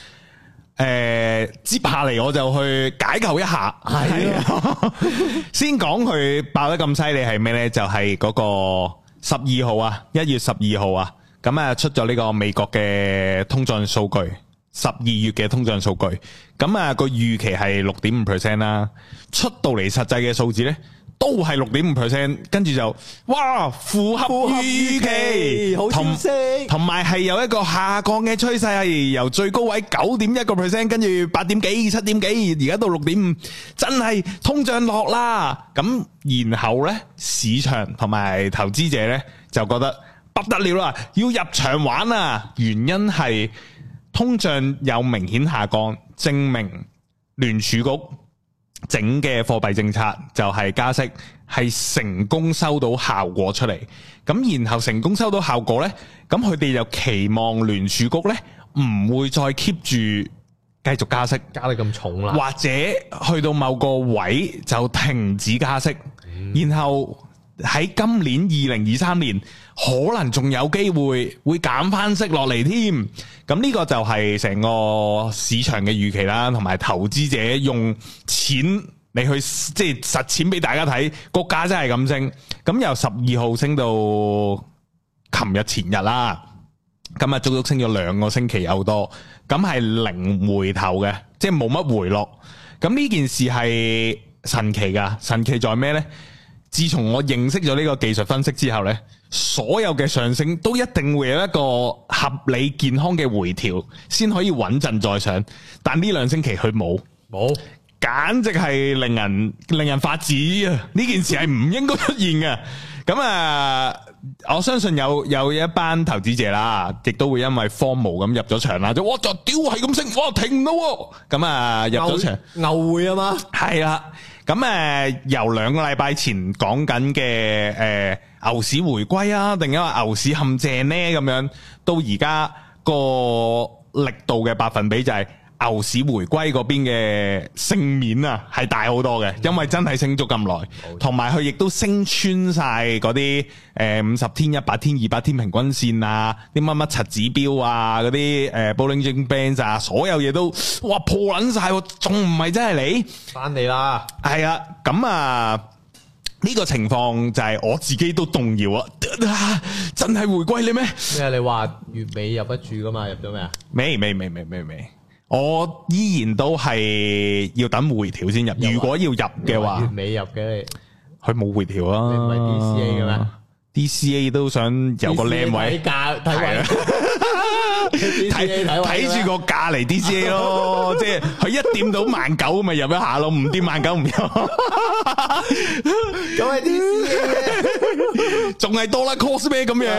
呃，接下嚟我就去解構一下。係的，先講佢爆得咁犀利係咩呢？就係、是、嗰、那個。十二號啊，一月十二號啊，咁、嗯、啊出咗呢個美國嘅通脹數據，十二月嘅通脹數據，咁啊個預期係六點五 percent 啦，出到嚟，實際嘅數字呢。都係六點五 percent，跟住就哇符合預期，好清晰。同埋係有一個下降嘅趨勢，由最高位九點一個 percent，跟住八點幾、七點幾，而而家到六點五，真係通脹落啦。咁然後呢，市場同埋投資者呢就覺得不得了啦，要入場玩啊！原因係通脹有明顯下降，證明聯儲局。整嘅貨幣政策就係加息，係成功收到效果出嚟。咁然後成功收到效果呢，咁佢哋就期望聯儲局呢唔會再 keep 住繼續加息，加得咁重啦，或者去到某個位就停止加息。嗯、然後喺今年二零二三年，可能仲有機會會減翻息落嚟添，咁呢個就係成個市場嘅預期啦，同埋投資者用錢嚟去即係、就是、實錢俾大家睇，股價真係咁升，咁由十二號升到琴日前日啦，今日足足升咗兩個星期有多，咁係零回頭嘅，即係冇乜回落。咁呢件事係神奇噶，神奇在咩呢？自從我認識咗呢個技術分析之後呢。所有嘅上升都一定會有一個合理健康嘅回調，先可以穩陣再上。但呢兩星期佢冇冇，簡直係令人令人發指啊！呢件事係唔應該出現嘅。咁啊，我相信有有一班投資者啦，亦都會因為荒謬咁入咗場啦，就我就屌係咁升，我停唔到。咁啊，入咗場牛會啊嘛，係啦。咁誒，由兩個禮拜前講緊嘅誒。牛市回歸啊，定因為牛市陷阱呢？咁樣到而家個力度嘅百分比就係牛市回歸嗰邊嘅勝面啊，係大好多嘅，因為真係升足咁耐，同埋佢亦都升穿晒嗰啲誒五十天、一百天、二百天平均線啊，啲乜乜柒指標啊，嗰啲誒 Bollinger Bands 啊，所有嘢都哇破捻晒，仲唔係真係你翻嚟啦？係啊，咁啊。呢個情況就係我自己都動搖啊！真係回歸你咩？咩？你話月尾入不住噶嘛？入咗咩啊？未未未未未未，我依然都係要等回調先入。如果要入嘅話，月尾入嘅，佢冇回調啊！唔係 D C A 嘅咩？D C A 都想有個靚位價睇位。睇睇住個價嚟 DC 咯，即係佢一掂到萬九咪入一下咯，唔掂萬九唔入，咁係啲咩？仲係多粒 cross 咩咁樣？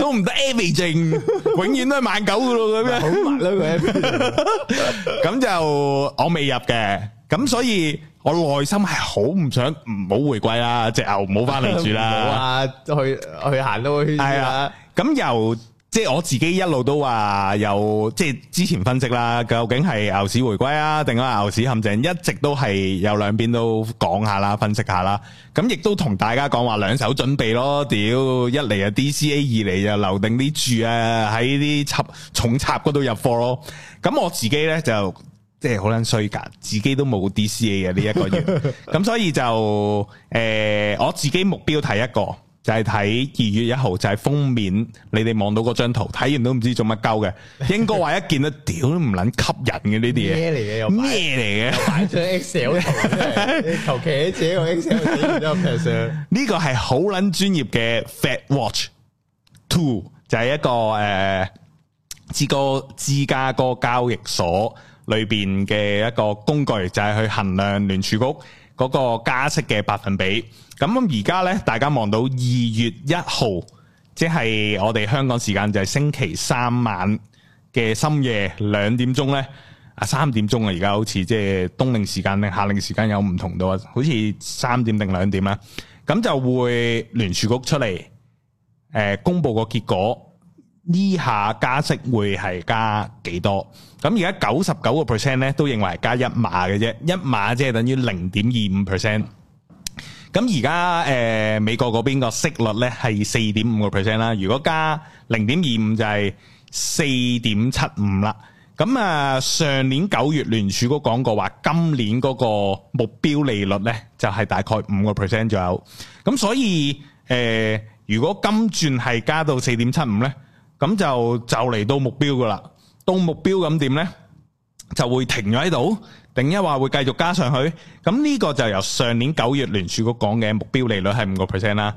都唔得 everything，永遠都係萬九噶咯，咁樣好嘛？咁就我未入嘅，咁所以我內心係好唔想唔好回歸啦，隻牛唔好翻嚟住啦，去去行到係啊，咁由。即係我自己一路都話有，即係之前分析啦，究竟係牛市回歸啊，定係牛市陷阱，一直都係有兩邊都講下啦，分析下啦。咁亦都同大家講話兩手準備咯，屌一嚟就 DCA，二嚟就留定啲注啊，喺啲插重插嗰度入貨咯。咁我自己呢，就即係好撚衰噶，自己都冇 DCA 嘅，啊，呢一、這個月，咁 [laughs] 所以就誒、呃，我自己目標睇一個。就係睇二月一號就係封面，你哋望到嗰張圖，睇完都唔知做乜鳩嘅。鷹哥話一見到屌都唔捻吸引嘅呢啲嘢，咩嚟嘅？有咩嚟嘅？又擺 Excel 嘅，求其自己個 Excel 然之後 percent 呢個係好捻專業嘅 FedWatch Tool，就係一個誒芝加哥交易所裏邊嘅一個工具，就係、是、去衡量聯儲局嗰個加息嘅百分比。咁而家呢，大家望到二月一號，即係我哋香港時間就係星期三晚嘅深夜兩點鐘呢。啊三點鐘啊，而家好似即係冬令時間定夏令時間有唔同到啊，好似三點定兩點啊。咁就會聯儲局出嚟，誒公布個結果，呢下加息會係加幾多？咁而家九十九個 percent 咧都認為加一碼嘅啫，一碼即係等於零點二五 percent。咁而家誒美國嗰邊個息率咧係四點五個 percent 啦，如果加零點二五就係四點七五啦。咁啊上年九月聯儲局都講過話，今年嗰個目標利率咧就係大概五個 percent 左右。咁所以誒，如果金轉係加到四點七五咧，咁就就嚟到目標㗎喇。到目標咁點咧？就會停咗喺度，另一話會繼續加上去，咁呢個就由上年九月聯儲局講嘅目標利率係五個 percent 啦。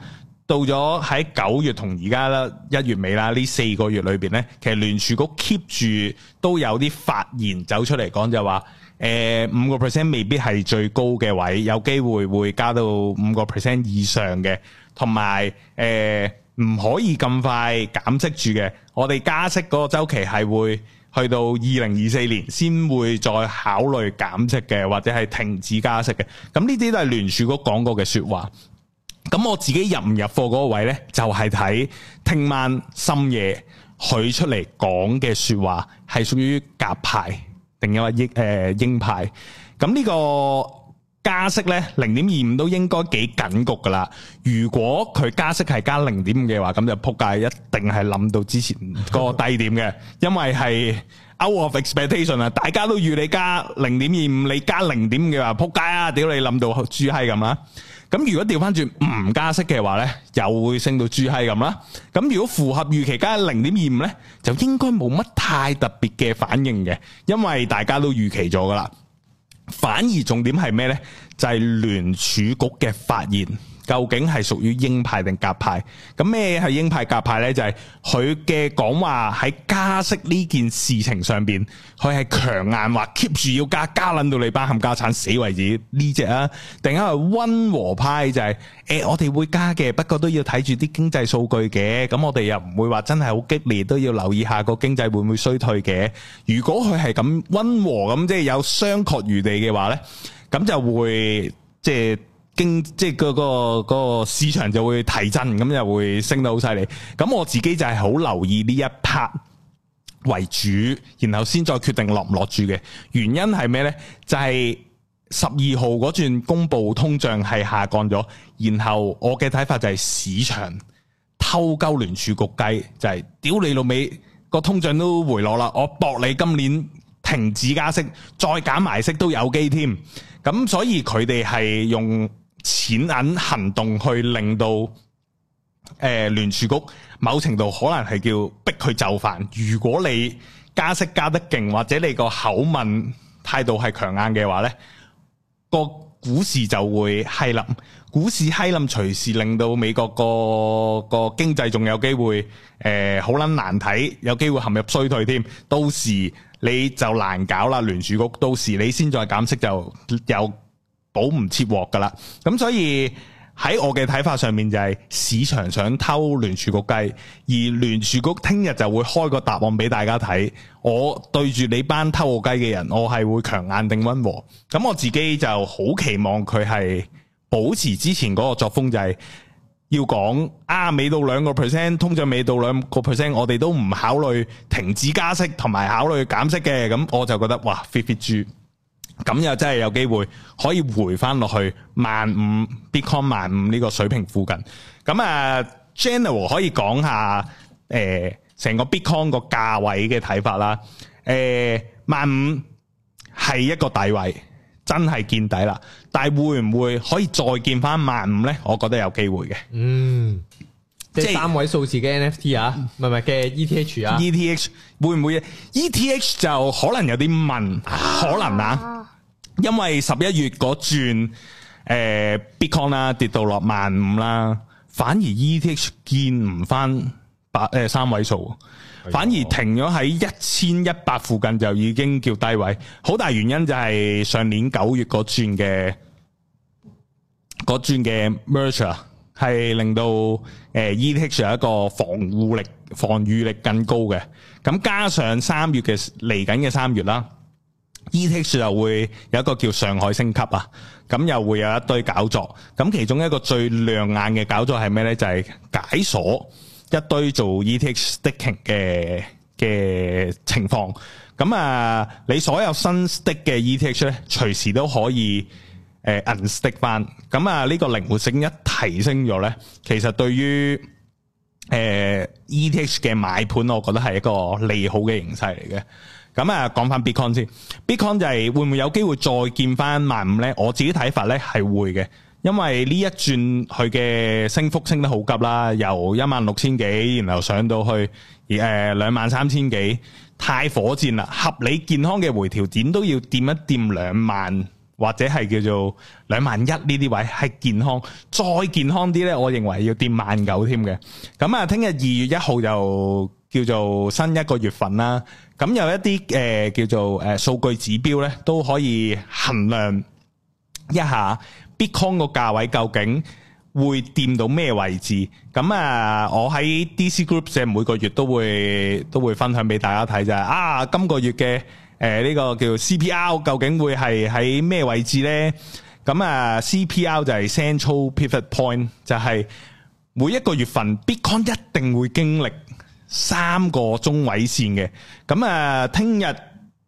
到咗喺九月同而家啦，一月尾啦，呢四個月裏邊咧，其實聯儲局 keep 住都有啲發言走出嚟講，就話誒五個 percent 未必係最高嘅位，有機會會加到五個 percent 以上嘅，同埋誒唔可以咁快減息住嘅。我哋加息嗰個週期係會。去到二零二四年先會再考慮減息嘅，或者係停止加息嘅。咁呢啲都係聯儲局講過嘅說話。咁我自己入唔入貨嗰個位呢，就係、是、睇聽晚深夜佢出嚟講嘅說話係屬於鴿派定抑或鷹誒鷹派。咁呢、這個。加息咧，零點二五都應該幾緊局噶啦，如果佢加息係加零點五嘅話，咁就撲街一定係諗到之前個低點嘅，因為係 out of expectation 啊，大家都預你加零點二五，你加零點五嘅話撲街啊，屌你諗到豬閪咁啦，咁如果掉返轉唔加息嘅話咧，又會升到豬閪咁啦，咁如果符合預期加零點二五咧，就應該冇乜太特別嘅反應嘅，因為大家都預期咗噶啦。反而重點係咩咧？就係、是、聯儲局嘅發言。究竟係屬於鷹派定鴿派？咁咩係鷹派鴿派呢？就係佢嘅講話喺加息呢件事情上邊，佢係強硬話 keep 住要加，加撚到你班冚家產死為止呢隻啊！定係溫和派就係誒，我哋會加嘅，不過都要睇住啲經濟數據嘅。咁我哋又唔會話真係好激烈，都要留意下個經濟會唔會衰退嘅。如果佢係咁溫和咁，即係有商榷餘地嘅話呢，咁就會即係。經即係個個，個市場就會提振，咁就會升得好犀利。咁我自己就係好留意呢一 part 為主，然後先再決定落唔落住嘅。原因係咩呢？就係十二號嗰轉公布通脹係下降咗，然後我嘅睇法就係市場偷鳩聯儲局計，就係、是、屌你老味個通脹都回落啦，我搏你今年停止加息，再減埋息都有機添。咁所以佢哋係用。錢銀行動去令到誒聯儲局某程度可能係叫逼佢就範。如果你加息加得勁，或者你個口吻態度係強硬嘅話呢，個股市就會 h 冧。股市 h 冧林，隨時令到美國個個經濟仲有機會誒，好、呃、捻難睇，有機會陷入衰退添。到時你就難搞啦，聯儲局到時你先再減息就有。保唔切鑊噶啦，咁所以喺我嘅睇法上面就係市場想偷聯儲局雞，而聯儲局聽日就會開個答案俾大家睇。我對住你班偷我雞嘅人，我係會強硬定温和。咁我自己就好期望佢係保持之前嗰個作風就，就係要講啊，未到兩個 percent 通脹，未到兩個 percent，我哋都唔考慮停止加息同埋考慮減息嘅。咁我就覺得哇，fit fit 豬。Fit fit 咁又真係有機會可以回翻落去萬五 Bitcoin 萬五呢個水平附近。咁啊 General 可以講下誒成、呃、個 Bitcoin 個價位嘅睇法啦。誒萬五係一個底位，真係見底啦。但係會唔會可以再見翻萬五咧？我覺得有機會嘅。嗯，即係是三位數字嘅 NFT 啊，唔係唔係嘅 ETH 啊，ETH 會唔會 ETH 就可能有啲問，可能啊。 [laughs] 因為十一月嗰轉誒 Bitcoin 啦跌到落萬五啦，反而 ETH 見唔翻百誒三位數，哎、呦反而停咗喺一千一百附近就已經叫低位。好大原因就係上年九月嗰轉嘅嗰轉嘅 Merge 係令到誒、呃、ETH 有一個防護力防御力更高嘅，咁加上三月嘅嚟緊嘅三月啦。ETH 又會有一個叫上海升級啊，咁又會有一堆搞作，咁其中一個最亮眼嘅搞作係咩咧？就係、是、解鎖一堆做 ETH sticking 嘅嘅情況，咁啊，你所有新 stick 嘅 ETH 咧，隨時都可以誒 unstick 翻，咁、呃、啊，呢、這個靈活性一提升咗咧，其實對於誒、呃、ETH 嘅買盤，我覺得係一個利好嘅形勢嚟嘅。咁啊，講翻 Bitcoin 先，Bitcoin 就係會唔會有機會再見翻萬五呢？我自己睇法呢係會嘅，因為呢一轉佢嘅升幅升得好急啦，由一萬六千幾，然後上到去誒兩萬三千幾，太火箭啦！合理健康嘅回調點都要掂一掂兩萬，或者係叫做兩萬一呢啲位係健康，再健康啲呢，我認為要掂萬九添嘅。咁啊，聽日二月一號就。叫做新一個月份啦，咁有一啲誒叫做誒數據指標咧，都可以衡量一下 Bitcoin 個價位究竟會掂到咩位置。咁啊，我喺 DC Group 嘅每個月都會都會分享俾大家睇就係啊，今個月嘅誒呢個叫做 CPR 究竟會係喺咩位置咧？咁啊，CPR 就係 Central Pivot Point，就係每一個月份 Bitcoin 一定會經歷。三個中位綫嘅，咁、嗯、啊，聽日二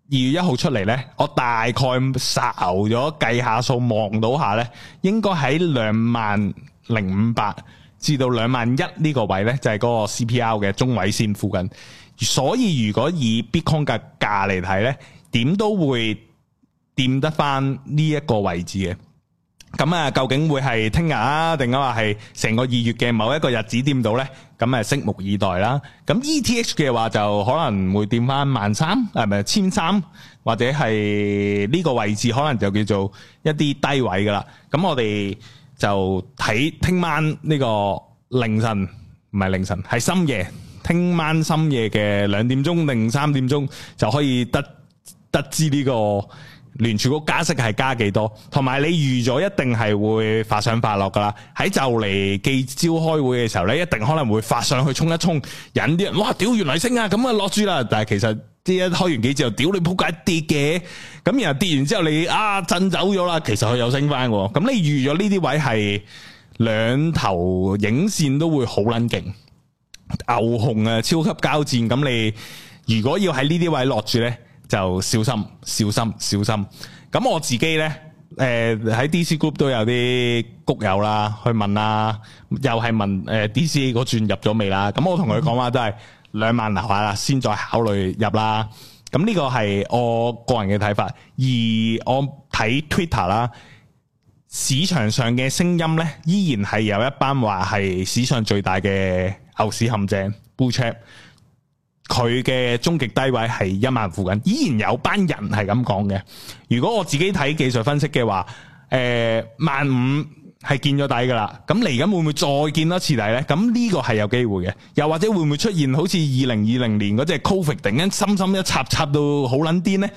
月一號出嚟呢，我大概殺牛咗，計下數望到下咧，應該喺兩萬零五百至到兩萬一呢個位呢就係、是、嗰個 CPR 嘅中位綫附近。所以如果以 Bitcoin 嘅價嚟睇呢點都會掂得翻呢一個位置嘅。咁啊，究竟會係聽日啊，定啊話係成個二月嘅某一個日子掂到呢？咁啊，拭目以待啦。咁 ETH 嘅話就可能會掂翻萬三，係咪千三？或者係呢個位置可能就叫做一啲低位噶啦。咁我哋就睇聽晚呢個凌晨，唔係凌晨，係深夜。聽晚深夜嘅兩點鐘定三點鐘就可以得得知呢個。聯儲局加息係加幾多？同埋你預咗一定係會發上發落噶啦。喺就嚟幾招開會嘅時候咧，你一定可能會發上去衝一衝，引啲人哇！屌原來升啊，咁啊落住啦。但係其實啲一開完幾次，屌你仆街跌嘅。咁然後跌完之後，你啊震走咗啦。其實佢有升翻喎。咁你預咗呢啲位係兩頭影線都會好撚勁，牛熊嘅、啊、超級交戰。咁你如果要喺呢啲位落住咧？就小心，小心，小心。咁我自己呢，誒、呃、喺 DC Group 都有啲谷友啦，去問啦，又係問誒、呃、DC 嗰轉入咗未啦？咁我同佢講話，嗯、都係兩萬留下啦，先再考慮入啦。咁呢個係我個人嘅睇法。而我睇 Twitter 啦，市場上嘅聲音呢，依然係有一班話係史上最大嘅牛市陷阱。Bull trap。佢嘅終極低位係一萬附近，依然有班人係咁講嘅。如果我自己睇技術分析嘅話，誒、呃，萬五係建見咗底噶啦，咁嚟緊會唔會再見多次底呢？咁呢個係有機會嘅，又或者會唔會出現好似二零二零年嗰隻 Covid 突然間深深一插插到好撚癲呢？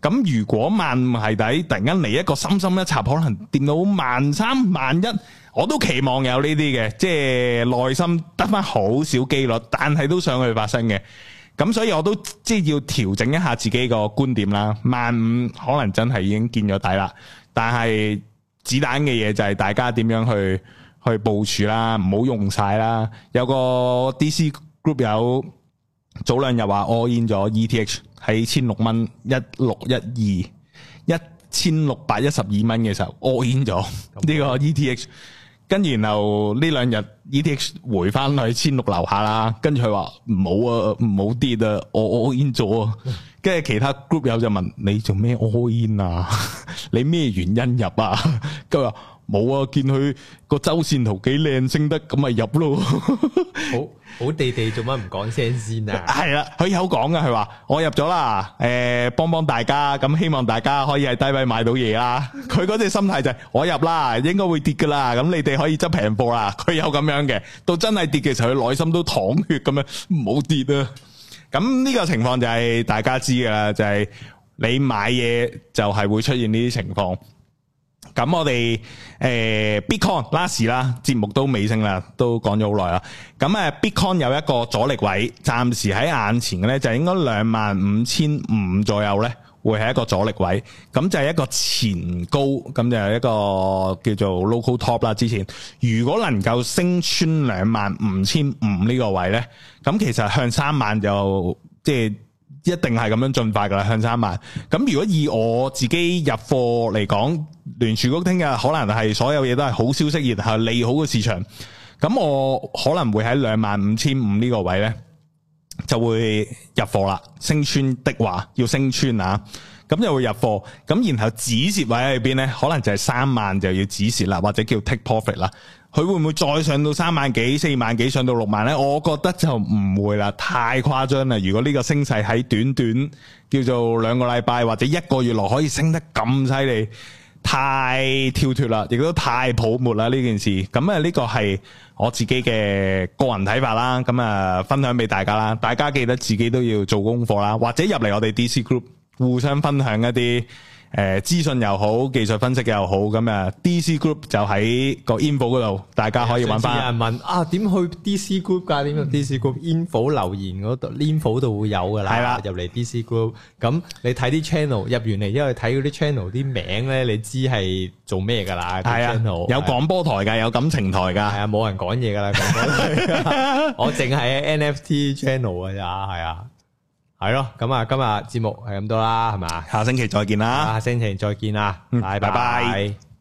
咁如果萬五係底，突然間嚟一個深深一插，可能跌到萬三萬一，我都期望有呢啲嘅，即係內心得翻好少幾率，但係都想去發生嘅。咁所以我都即係要調整一下自己個觀點啦。萬五可能真係已經見咗底啦，但係子彈嘅嘢就係大家點樣去去部署啦，唔好用晒啦。有個 DC Group 有早兩日話 all in 咗 ETH 喺千六蚊一六一二一千六百一十二蚊嘅時候 all in 咗呢個 ETH。 [laughs] 跟然後呢兩日 EDX 回翻去千六樓下啦，跟住佢話冇啊，冇跌啊，我我 in 咗啊，跟住其他 group 友就問 [laughs] 你做咩 all in 啊？ [laughs] 你咩原因入啊，佢話。冇啊！見佢個周線圖幾靚，升得咁咪入咯。 [laughs] 好好地地，做乜唔講聲先啊？係啦， [laughs] 佢有講噶，佢話我入咗啦，誒、欸，幫幫大家，咁希望大家可以喺低位買到嘢啦。佢嗰隻心態就係、是、我入啦，應該會跌噶啦。咁你哋可以執平貨啦。佢有咁樣嘅，到真係跌嘅時候，佢內心都淌血咁樣，唔好跌啊。咁呢個情況就係大家知噶啦，就係、是、你買嘢就係會出現呢啲情況。咁我哋誒、呃、Bitcoin last 啦，節目都尾聲啦，都講咗好耐啦。咁誒、uh, Bitcoin 有一個阻力位，暫時喺眼前嘅咧，就應該兩萬五千五左右咧，會係一個阻力位。咁就係一個前高，咁就係一個叫做 local top 啦。之前如果能夠升穿兩萬五千五呢個位咧，咁其實向三萬就即係。一定係咁樣進快噶啦，向三萬。咁如果以我自己入貨嚟講，聯儲局聽日可能係所有嘢都係好消息，然後利好嘅市場。咁我可能會喺兩萬五千五呢個位呢就會入貨啦。升穿的話，要升穿啊，咁就會入貨。咁然後止蝕位喺邊呢？可能就係三萬就要止蝕啦，或者叫 take profit 啦。佢會唔會再上到三萬幾、四萬幾上到六萬呢？我覺得就唔會啦，太誇張啦！如果呢個升勢喺短短叫做兩個禮拜或者一個月內可以升得咁犀利，太跳脫啦，亦都太泡沫啦呢件事。咁啊，呢個係我自己嘅個人睇法啦。咁啊，分享俾大家啦。大家記得自己都要做功課啦，或者入嚟我哋 DC Group 互相分享一啲。、呃、資訊又好，技術分析嘅又好，咁啊 DC Group 就喺個 info 嗰度，大家可以揾翻。有人問啊，點去 DC Group 㗎？點 DC Group info 留言嗰度，info 度，會有㗎啦。係啦，入嚟 DC Group，咁你睇啲 channel 入完嚟，因為睇嗰啲 channel 啲名呢，你知係做咩㗎啦？係啊，有廣播台㗎，有感情台㗎。係啊，冇人講嘢㗎啦，我淨係 NFT 係咯，咁啊，今日節目係咁多啦，係嘛，下星期再見啦，下星期再見啦，嗯，拜拜拜。拜拜。